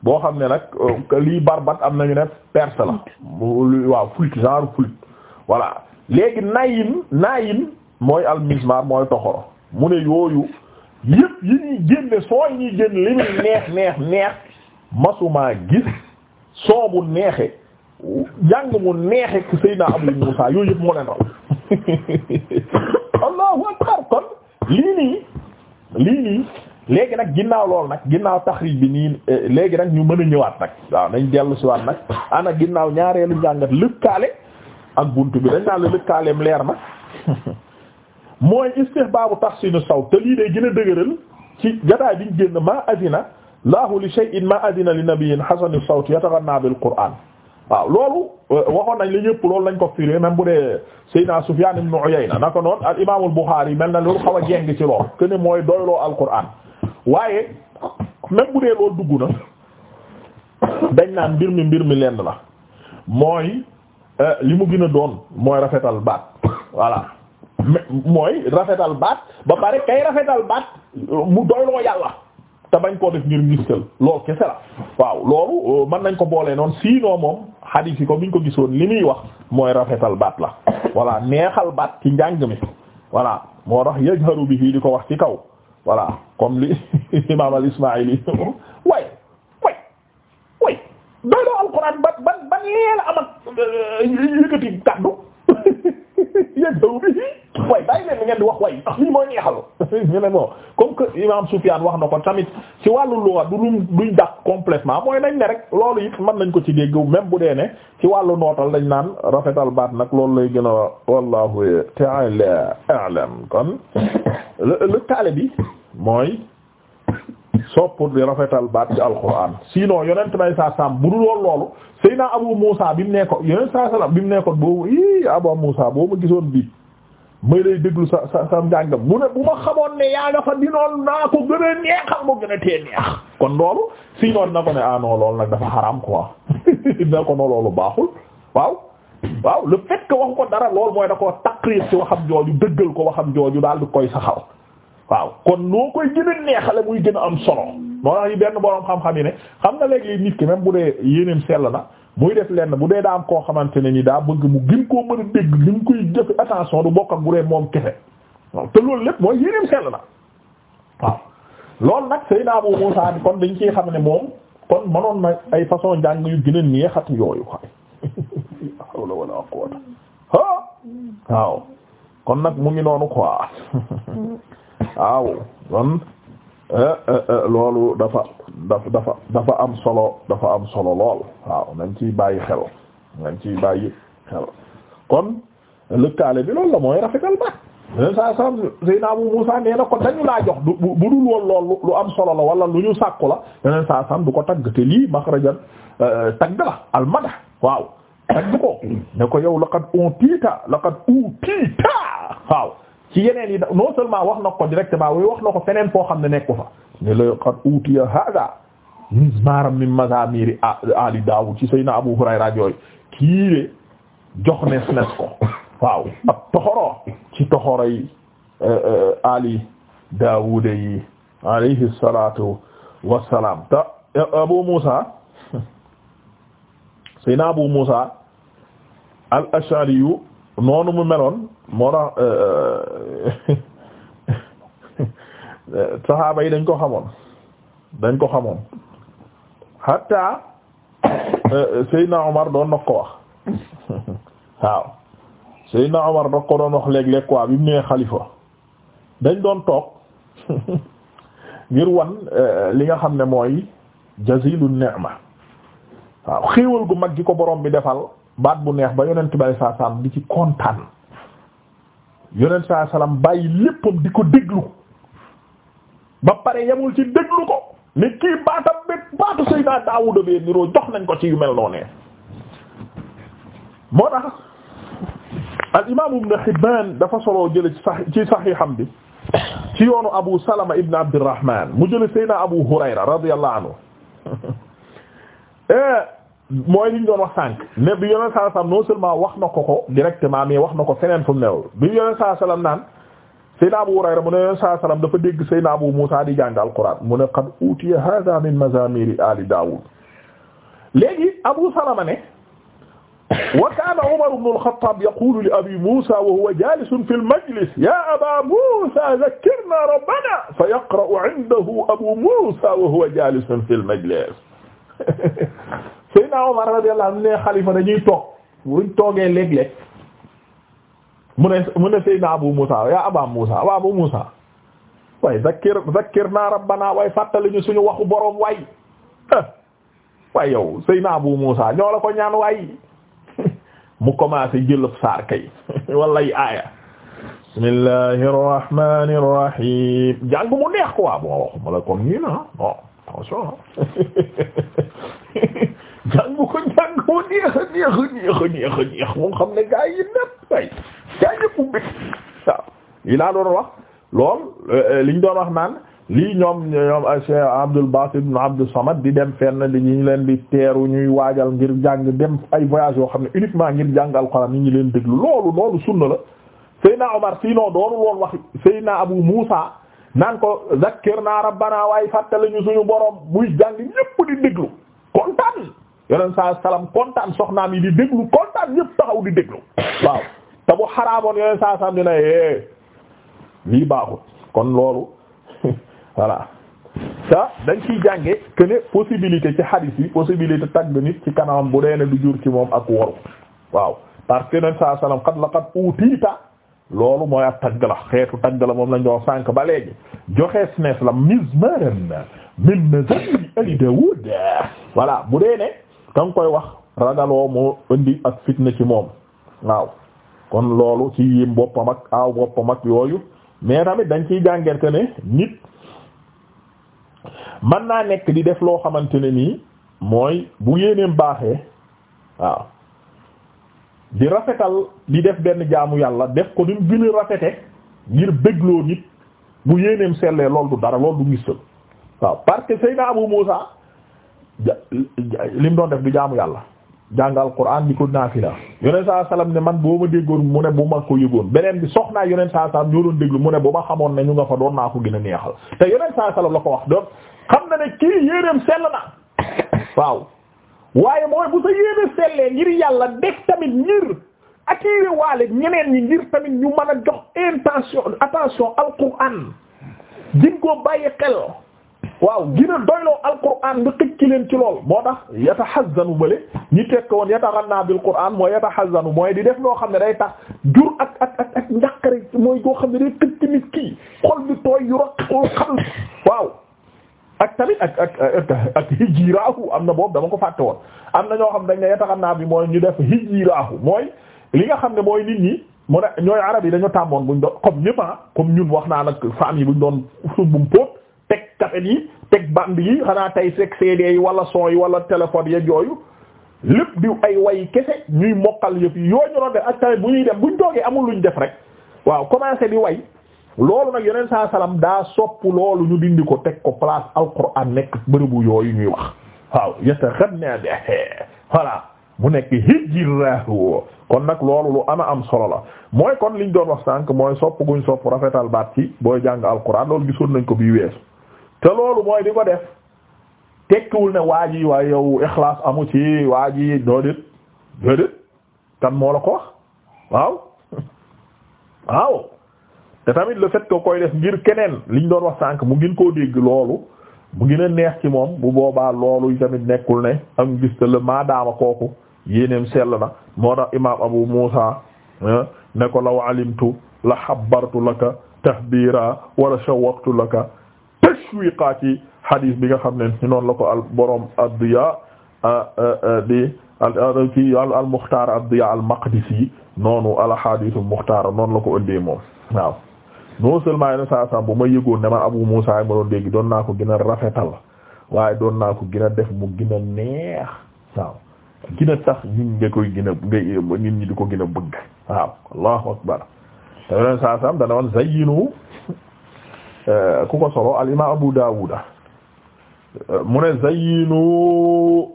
boo xam ne nag euh, lii barbat am nañu ne perse la waaw flûte genre flûte voilà léegi nayin nayin mooy almismar mooy toxoro mu ne yooyu yëpp yi ñuy génne sooy ñuy génn li muy neex neex masumaa gis soo bu neexe jàng mu neexe ku Seydina Abu Muusa yooyu yëpp moo leen raw allahu akbar kon lii nii lii nii léegi nag ginnaaw lool nag ginnaaw taxrij bi nii léegi nag ñu mën a ñëwaat nag waaw nañ dellu si waat nag ana ginnaaw ñaareelu njàngat lëkkaale ak bunt bi dañ naan la lëkkaaleem leer na mooy istihbaabu tahsinu saw te lii day gën a dëgëral ci jotaay biñ génn maa adina laahu li shay'in maa adina li nabiyyin hasani sawti yataghanna bil qur'an waaw loolu euh, waxoon nañ la ñëpp loolu lañ ko firé même bu dee Seydina Sufyaan ibn Uyayna naka noonu al imaamul Buxaari mel na loolu xaw a jéng ci lool que ne mooy doyloo alquran waaye même bu dee loolu dugg na dañ naan mbir mi mbir mi lenn la mooy euh, li mu gën a doon mooy rafetal baat voilà. mooy rafetal baat ba pare kay rafetal baat mu doyloo yàlla te bañ koo def ngir ngistal loolu kese la waaw loolu euh, mën nañ ko boole noonu sinon moom hadith yi ko biñ ko gisoon li muy wax mooy rafetal baat la voilà neexal baat ci njàng mi voilà moo tax yajharu bihi di ko wax ci kaw voilà comme li imam al ismaili way way way doyloo alquran ba ban ban am ak euh, yëkkati kaddu yaddaw bi way bàyyi leen ni ngeen di wax way ndax ah. lii mooy neexal ñu ne bon comme que imam Soufiane wax na ko tamit ci wàllu lugha du lum duñ dàq complètement mooy nañ ne rek loolu it mën nañ ko ci dégg même bu dee ne ci wàllu nootal lañ naan rafetal baat nag loolu lay gën a wallahu ta'ala a'lam kon le taale bi mooy sopp di rafetal baat ci alquran sinon yonent may sa sam bu dul loolu Seyna Abu Moussa bi mu ne ko yeneen saa salaam bi mu ne ko boobu boo ma gisoon bii may lay déglu sa sa sa njàngam mu ne bu ma xamoon ne yaa nga fa dinoon naa ko gën a neexal moo gën a tee neex kon loolu sinon na ko ne ah loolu nag dafa xaram quoi na ko noonu loolu baaxul waaw. waaw le fait waxu ko dara lool mooy da koo taqrir ci waxam jooju dëggal ko waxam jooju daal di koy saxal waaw kon noo koy gën a neexale muy gën a am solo. moo tax yi benn borom xam-xam yi ne xam nga léegi nit ki même bu dee yéeneem sell na muy def lenn bu dee daam koo xamante ne nii daa bëgg mu gin koo mën a dégg li mu koy jëfe attention du bokk ak bu dee moom kese waaw te loolu lépp mooy yéeneem sell na waaw. loolu nag Seydina Abu Muusaa kon dañ ciy xam ne moom kon mënoon na ay façon jàng yu gën a neexat yooyu waaye waaw kon nag mu ngi noonu quoi waaw kon. Eh, eh, eh, loolu dafa dafa dafa dafa am solo dafa am solo lool waaw nañ ciy bàyyi xel nañ ciy bàyyi xel kon lëkkaale bi loolu la mooy rafetal ba yeneen saa saa Seydina Abu Muusaa nee dañu laa jox du bu dul woon loolu lu am solo la wala lu ñu sàkku la yeneen saa saa du ko tagg te lii maxrajan tagg la almada waaw tagg ko ne ko yow laqad utiita laqad utiita waaw ci yeneen yi non seulement wax na ko directement way wax na feneen foo xam ne nekku fa ne la qad utiya hada mizmaram min mazamiri ali Daawud ci Seydina Abu Hurayra jooy kii de jox nes nes ko waaw ab toxoro ci euh, ali Daawud yi alayhi salatu Abu Musa Seydina Abu Musa al noonu mu meloon moo euh, euh, saxaaba yi dañ ko xamoon dañ ko xamoon hatta euh, Seydina Omar doon nag ko wax waaw Seydina Omar doon ko doon wax léeg-léeg quoi bi mu nee xalifa dañ doon toog ngir wan li nga xam ne mooy jazilu ni'ma waaw xéewal gu mag gi ko borom bi defal baat bu neex ba yonent bi saa salaam di ci kontaan yonent saa salaam bàyyi léppam di ko déglu ba pare yamul ci déglu ko ni kii baatam bi baatu Seydina Daawuda bee niroo jox nañ ko ci yu mel noonee moo tax al imaam Ibn Hibbaan dafa solo jële ci sax ci saxiixam bi ci yoonu Abu Salama ibn Abdurrahmaan mu jële Seydina Abu Hurayra radiyallahu anhu eh, mooy li ñu doon wax sànq mais bi yoneen saa sallam non seulement wax na ko ko directement mais wax na ko feneen fu mu newul bi yoneen saa sallam naan Seydina Abu Hurayra mu ne yoneen saa sallam dafa dégg Seydina Abu Muusa di jàng alquran mu ne qad utiya hadha min mazamiri ali Daawud léegi Abu Salama ne wa kaana Umar ibn al-Khattab yaqulu li Abi Muusa wa huwa jalisun fi al-majlis ya Aba Muusa dhakkirna rabbana fa yaqra'u 'indahu Abu Muusa wa huwa jalisun fi al-majlis Seydina Omar radiyallahu anhu ne xalifa dañuy toog buñ toogee léeg-léeg mu ne mu ne Seydina Abu Musa yaa Aba Musa wa Abu Musa waaye zakkir zakkirna rabbana waaye fàttali ñu suñu waxu boroom way eh, waaye yow Seydina Abu Musa ñoo la ko ñaan waay mu commencé jëlëb saar kay walay aaya bismillahir rahmanir rahim jàng mu neex quoi bon waxuma la comme nii na non ah, attention ah. neex a neex a neex a neex a neex moom xam ne gaa yi nepp way gaa yi ñëpp bég waaw laa doon wax lool euh, liñ doon wax naan lii ñoom ñoom Cheikh Abdul Basit ibn Abdul Samad di dem fenn di ñu leen di teeru ñuy waajal ngir jàng dem ay voyage yoo xam ne uniquement ngir jàng alxuraan ñu leen déglu loolu loolu sunna la Seyna Omar sinon doonu loolu wax Seyna Abu Musa naan ko zakkir naa rabbana waaye fàttali ñu suñu borom buy jàng ñëpp di déglu kontaan yoneen sa salaam kontaan soxnaam yi di déglu kontaan ñëpp taxaw di déglu waaw te bu xaraaboon yoneen saa salaam dina eh lii baaxut kon loolu voilà te dañ ciy jànge que ne possibilité ci hadis yi possibilité tagg nit ci kanamam bu dee ne du jur ki moom ak waru waaw parce que yoneen saa salaam xat la xat uutiita loolu mooy ak tagg la xeetu tagg la moom lañ doon sànk ba léegi joxe snees la mizmaran min mazari ali Daoud voilà bu dee ne. da nga koy wax ragaloo moo indi ak fitna ci moom waaw kon loolu ci yim boppam ak aaw boppam ak yooyu mais tamit dañ ciy jàngerte ne nit mën naa nekk di def loo xamante ne nii mooy bu yéeneem baaxee waaw di rafetal di def benn jaamu yàlla def ko ni bi gën rafete ngir bégloo nit bu yéeneem sellee loolu du dara loolu du ngistal waaw parce que Seydina Abu Muusa lim doon def du jaamu yàlla jàngal Qur'an di ko naafila yonent saa salaam ne man boo ma déggoon mu ne bu ma ko yëgoon beneen bi soxnaa yonent saa salaam ñoo doon déglu mu ne bu ma xamoon na ñu nga fa doon naa ko gën a neexal te yonent saa salaam la ko wax doon xam na ne kii yéeneem sell na waaw waaye mooy bu sa yéene sellee ngir yàlla def tamit ngir attirer waale ñeneen ñi ngir tamit ñu mën a jox intention attention al Qur'an jën koo bàyyi xel. waaw gina doyloo alquran nga tëkki leen ci lool moo tax yatahazzanu bële ñi tekk woon yataxanna bil quran mooy yatahazzanu mooy di def loo xam ne day tax jur ak ak ak mooy goo xam ne day tëkki nit kii xol bi tooy yu raqul xal waaw ak tamit ak ak ak hijiraahu am na boobu dama ko fàtte woon am na ñoo xam dañ ne yataxanna bi mooy ñu def hijiraahu mooy li nga xam ne mooy nit ñi mu ne ñooy arab yi dañu tàmmoon buñ doon comme ñëppa ah comme ñun wax naa nag famille buñ doon sumbum póot teg cassette yi teg band yi xanaa tey seg CD yi wala son yi wala téléphone ya jooyu lépp di ay way kese ñuy mokkal yëpp yoo ñu doon def ak tamit bu ñuy def buñ toogee def rek waaw commencé di way loolu nag yeneen saa salaam daa sopp loolu ñu dindi ko teg ko place alquran nekk bërëbu yooyu ñuy wax waaw yataxanna bihi voilà mu nekk hijrahu kon nag loolu lu ama am solo la mooy kon liñ doon wax sànq mooy sopp guñ sopp rafetal baat ci booy jàng alquran loolu gisoon nañ ko bii te loolu mooy di ko def tekkiwul ne waa ji waaye yow ixlaas amu ci waa ji doodit doodit kan moo la ko wax waaw waaw te tamit la fait que koy def ngir keneen liñ doon wax sànk mu gën koo dégg loolu mu gën a neex ci moom bu boobaa loolu tamit nekkul ne am gis te la maadaama kooku yéeneem sell na moo tax imaam Abu Muusa eh, ne ko law alimtu la xabartu laka tahbira wala shawaqtu laka tashwiqa ci hadis bi nga xam ne noonu la ko al borom ad-Diya di al kii al Mukhtar ad-Diya al-Maqdisi noonu al ahadith al-Mukhtar noonu la ko ëndee moom waaw non seulement yeneen saa saa bu ma yëgoon ne ma Abu Musa ma doon dégg doon naa ko gën a rafetal waaye doon naa ko gën a def mu gën a neex waaw gën tax ñun nga koy gën a nga nit ñi di ko gën a bëgg waaw allahu akbar te yeneen saa saa dana woon zayyinu Euh, ku ko solo al imaam Abu Daawuda euh, mu ne zayyinu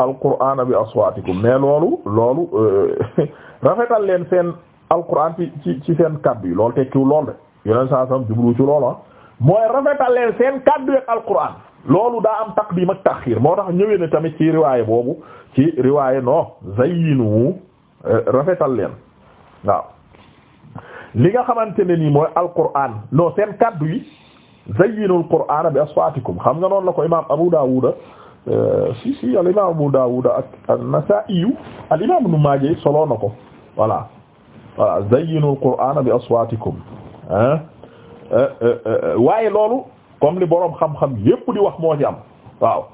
alqur'ana bi aswaatikum mais loolu loolu euh, rafetal leen seen alqur'an ci ci ci seen kaddu yi loolu tekkiwul lool de yeneen saa sam jublu ci loolu ah. mooy rafetal leen seen kaddu ak alqur'an loolu daa am taqdim ak taxiir moo tax ñëwee na tamit ci riwaay boobu ci riwaay non zayyinu rafetal leen waaw. li nga xamante ne nii mooy alquran non seen kaddu yi zayyinul qur'ana bi aswatikum xam nga noonu la ko imam Abu Dawud euh, al imam Abu Dawud ak an al imam Ibn Majah solo na ko voilà voilà zayyinul qur'ana bi aswatikum euh, euh, waaye loolu comme li boroom xam-xam yépp di wax moo ci am waaw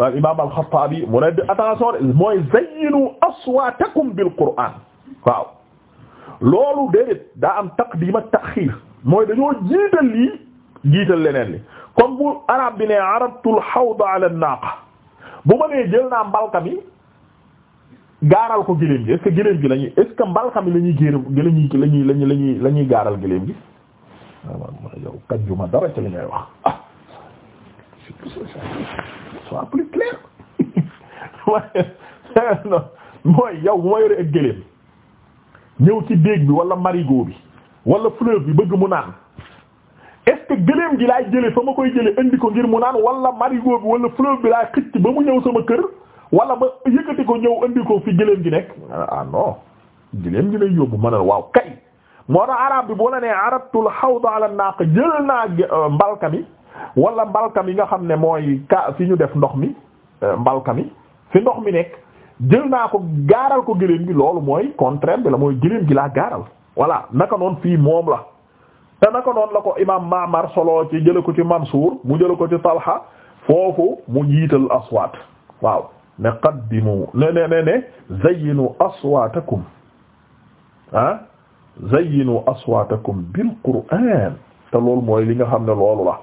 al imam al-Khattabi mu ne attention bil qur'an waaw loolu déedéet daa am taqdim ak taxiir mooy dañoo jiital lii jiital leneen li comme bu arab bi ne arabtul hawd ala naaqa bu ma nee jël naa mbalka mi gaaral ko gëléem gi est-ce que gi lañuy est-ce mbalka mi lañuy ñuy géer lañuy lañuy lañuy la ñuy gaaral gëléem gi waaw ah, ma yow kanjuma dara ah, mooy yow bu ma yore ak gëléem ñëw ci déeg bi wala marigot bi wala fleuve bi bëgg mu naan est-ce gi laay jële fa ma koy jële indi ko ngir mu naan wala marigot bi wala fleuve bi laay xicc ba mu ñëw sama kër wala ba yëkkati ko ñëw indi ko fi gëléem gi nekk ah non gëléem gi lay yóbbu ma waaw kay moo tax arab bi boo la nee arabtul hawda ala jël naa euh, mbalka mi wala mbalka mi nga xam ne mooy ka fi ñu def ndox mi euh, mbalka mi fi ndox mi nekk jël naa ko gaaral ko gëléem gi loolu mooy contraire bi la mooy gëléem gi laa gaaral voilà naka noon fii moom la te naka noon la ko imam Ma'mar solo ci jële ko ci Mansuur mu jële ko ci Talha foofu mu jiital aswaat waaw ne qaddimu ne ne ne ne zayyinu aswaatakum ah zayyinu aswaatakum bil qur'aan te loolu mooy li nga xam ne loolu la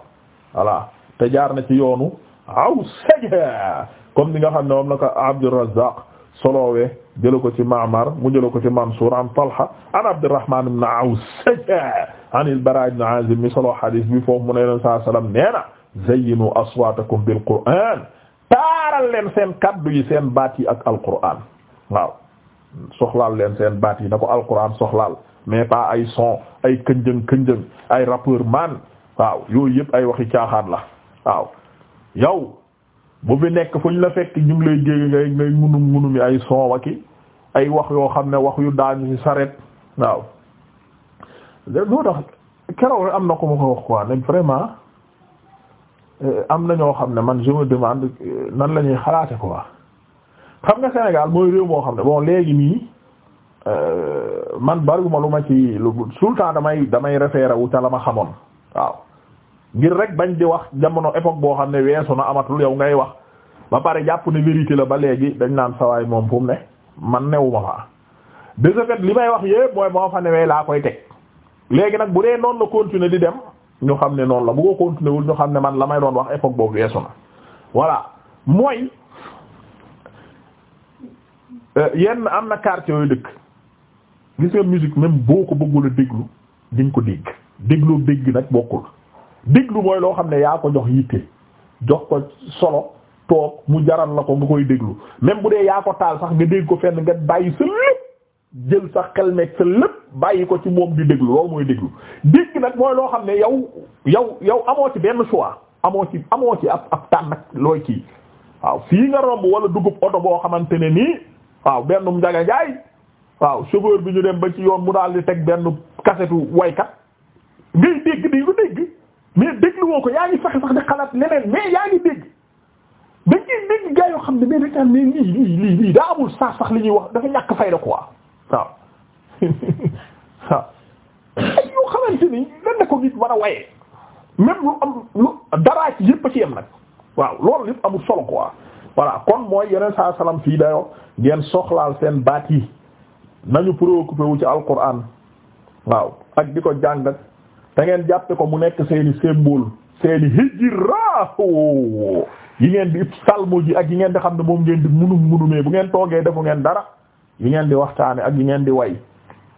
voilà te jaar na ci yoonu aw saja comme li nga xam ne moom la ko Abdurrazzaq solowee jëla ko ci Ma'mar mu jëla ko ci Mansuur an Talha an Abdurrahman ibn Aws an al-Bara ibn Azib mi solo hadis bi foofu mu ne leen saa sallam nee na zayyinu bil Qur'an taaral leen seen kaddu yi seen baat yi ak Alqur'an waaw soxlaal leen seen baat yi na ko Alqur'an soxlaal mais pas ay son ay kënjëng kënjëng ay rappeur man waaw yooyu yëpp ay waxi caaxaan la waaw yow bu bi nekk fu ñu la fekk ñu ngi lay gée ngay ngay munum munum ay soowa ki ay wax yoo xam ne wax yu daañu ci saret waaw loo tax keroog am na ko ma ko wax quoi ne vraiment euh, am na ñoo xam ne man je me demande euh, nan la ñuy xalaate quoi xam nga Sénégal mooy réew moo xam ne bon léegi nii euh, man bariwuma lu ma ci lu sultan damay damay référé wu ca la ma xamoon waaw ngir rek bañ di wax jamono époque boo xam ne weesu na amatul yow ngay wax ba pare jàpp ne vérité la ba léegi dañ naan sawaay moom fu mu ne man newuma fa de ce fait li may wax yépp mooy moo fa newee laa koy teg léegi nag bu dee noonu la continuer di dem ñu xam ne noonu la bu continuer wul ñu xam ne man la may doon wax époque boobu weesu na voilà mooy euh, yenn am na quartier yooyu dëkk gis nga musique même boo ko bëggul a déglu diñ ko dégg dégloo dégg nag bokkul déglu mooy loo xam ne yaa ko jox yitte jox ko solo toog mu jaral la ko nga koy déglu même bu dee yaa ko taal sax nga dégg ko fenn nga bàyyi sa lépp jël sa xel meeg sa bàyyi ko ci moom di déglu loolu mooy déglu dégg nag mooy loo xam ne yow yow yow amoo ci benn choix amoo ci amoo ci ab ab tànn nag looy kii waaw fii nga romb wala dugub oto boo xamante ne nii waaw benn njaga njaay waaw chauffeur bi ñu dem ba ci yoon mu daal di teg benn kasetu waykat ngay dégg dégg mais déglu ko yaa ngi fexe sax di xalaat leneen mais yaa ngi dégg dañ ciy dégg gaa yoo xam ne mais dañu mais lii lii lii lii daa amul sax sax li ñuy wax dafa ñàkk fayda quoi waaw waaw. yoo xamante ni lan la ko nit a ci yëpp a waaw loolu yëpp amul solo quoi voilà kon mooy yeneen saa salaam fii dayoo ngeen soxlaal seen baat yi nañu préoccupé wu ci alquran waaw ak di ko jàngat. te ngeen jàppe ko mu nekk seeni symbole seeni hijraahu yi ngeen di salmu ji ak yi ngeen di xam ne moom ngeen di munum munumee bu ngeen toogee defu ngeen dara yi ngeen di waxtaane ak yi ngeen di way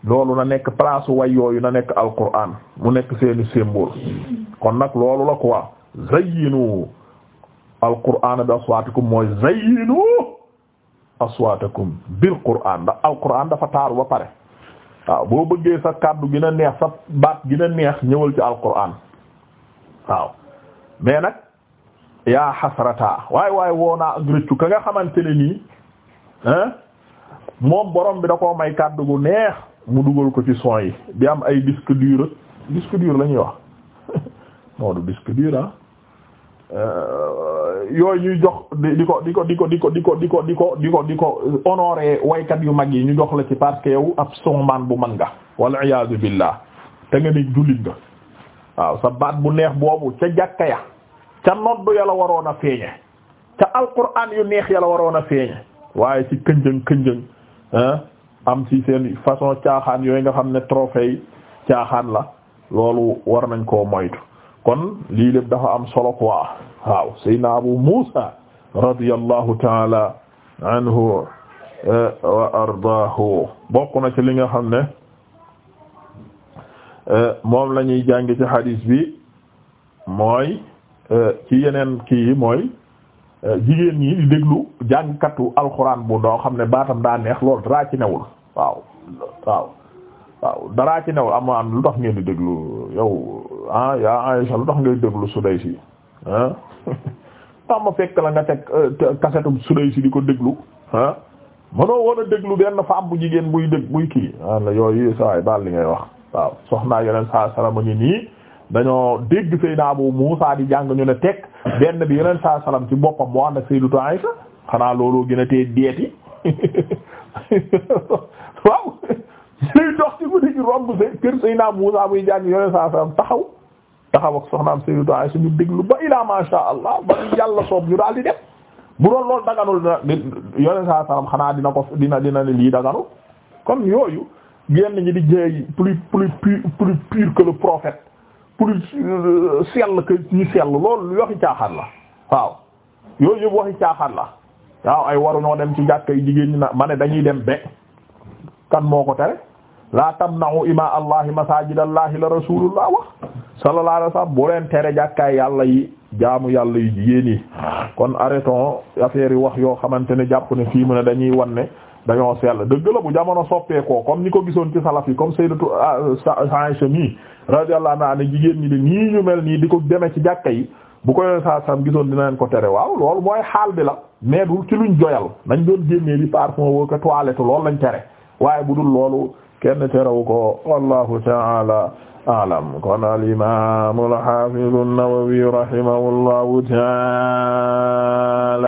loolu na nekk place way yooyu na nekk alquran mu nekk seeni symbole kon nag loolu la ko quoi zayyinu alqur'ana bi aswatikum mooy zayyinu aswatakum bil qur'an ndax alqur'an dafa taaru ba pare waaw boo bëggee sa kàddu gi a neex sa baat gi a neex ñëwal ci alquran waaw mais nag yaa xasrata waaye waay woonaa ak rëccu ka nga xamante ne nii moom borom bi da koo may kàddu gu neex mu dugal ko ci son yi di am ay disque dur disque dur lañuy wax non du disque dur yooyu ñuy jox di ko di ko di ko di ko di ko di ko di waykat yu mag yi ñu jox la ci parce que yow ab songmaan bu mag nga wal iyaazu billah te nga ne jullit nga waaw sa baat bu neex boobu ca jàkka ya ca noddu ya la waroon a feeñe ca alquran yu neex ya la waroon a feeñe waaye ci kënjëng kënjëng am si seen façon caaxaan yooyu nga xam ne trophée caaxaan la loolu war nañ koo moytu kon lii lépp dafa am solo quoi waaw saydna abu musa radiyallahu taala anhu eh, wa ardaahu bokk na ci li nga xam ne eh, moom la ñuy jàng ci hadis bi mooy eh, ci yeneen kii mooy jigéen ñi di déglu jàngkatu alxuraan bu doo xam ne baatam daa neex loolu daraa ci newul waaw waaw waaw daraa ci newul am am lu tax ngeen di déglu yow ah yaa Aïcha lu tax ngay déglu Sudaysi ah tax ma fekk la nga teg euh, kasetum Sudaysi di ko déglu ah mënoo woon a déglu benn femme bu jigéen buy dég buy kii ah la yooyu sawaay baal li ngay wax waaw soxnaa yeneen saa salama ngi nii dañoo dégg Seydina Abu Muusa di jàng ñu ne teg benn bi yeneen saa salam ci boppam mu ànd ak Sayyidatu Aïcha xanaa looloo gën a tee deeti waaw luy dox ci guddi gi romb kër Seydina Muusa muy jàng yeneen saa salam taxaw taxaw ak soxnaam Sayyida Aysa ñu déglu ba ilaa ma sha Allah ba yàlla soob ñu daal di def bu doon loolu daganul yoneen saa salaam xanaa dina ko dina dina ne lii daganul kon yooyu génn ñi di jéey plus plus plus pur que le prophète plus euh, sell que ñu sell loolu waxi caaxaan la waaw yooyu yëpp waxi caaxaan la waaw ay waruñoo dem ci jàkka yi jigéen ñi na ma ne dañuy dem be kan moo ko tere la tamna'u ima allahi masajidallahi la rasulullah wax sallallahu alayhi wasallam bu leen tere jàkkaay yàlla yi jaamu yàlla yu jigéen yi kon arrêtons affaire yi wax yoo xamante ne jàpp ne fii mu ne dañuy wan ne dañoo sell dëgg la bu jamono soppeekoo comme ni ko gisoon ci salaf yi comme sayyidatu Aisha ah, mi radiyallahu anha jigéen ñi de nii ñu mel nii di ko deme ci jàkka yi bu ko yoneen saa sam gisoon dina leen ko tere waaw loolu mooy xaal bi la mais du ci luñ joyal nañ doon génnee di parfum woo ko toilette kenn terew ko wallahu ta'ala a'lam kon al-imam al-hafiz an-Nawawi rahimahullahu ta'ala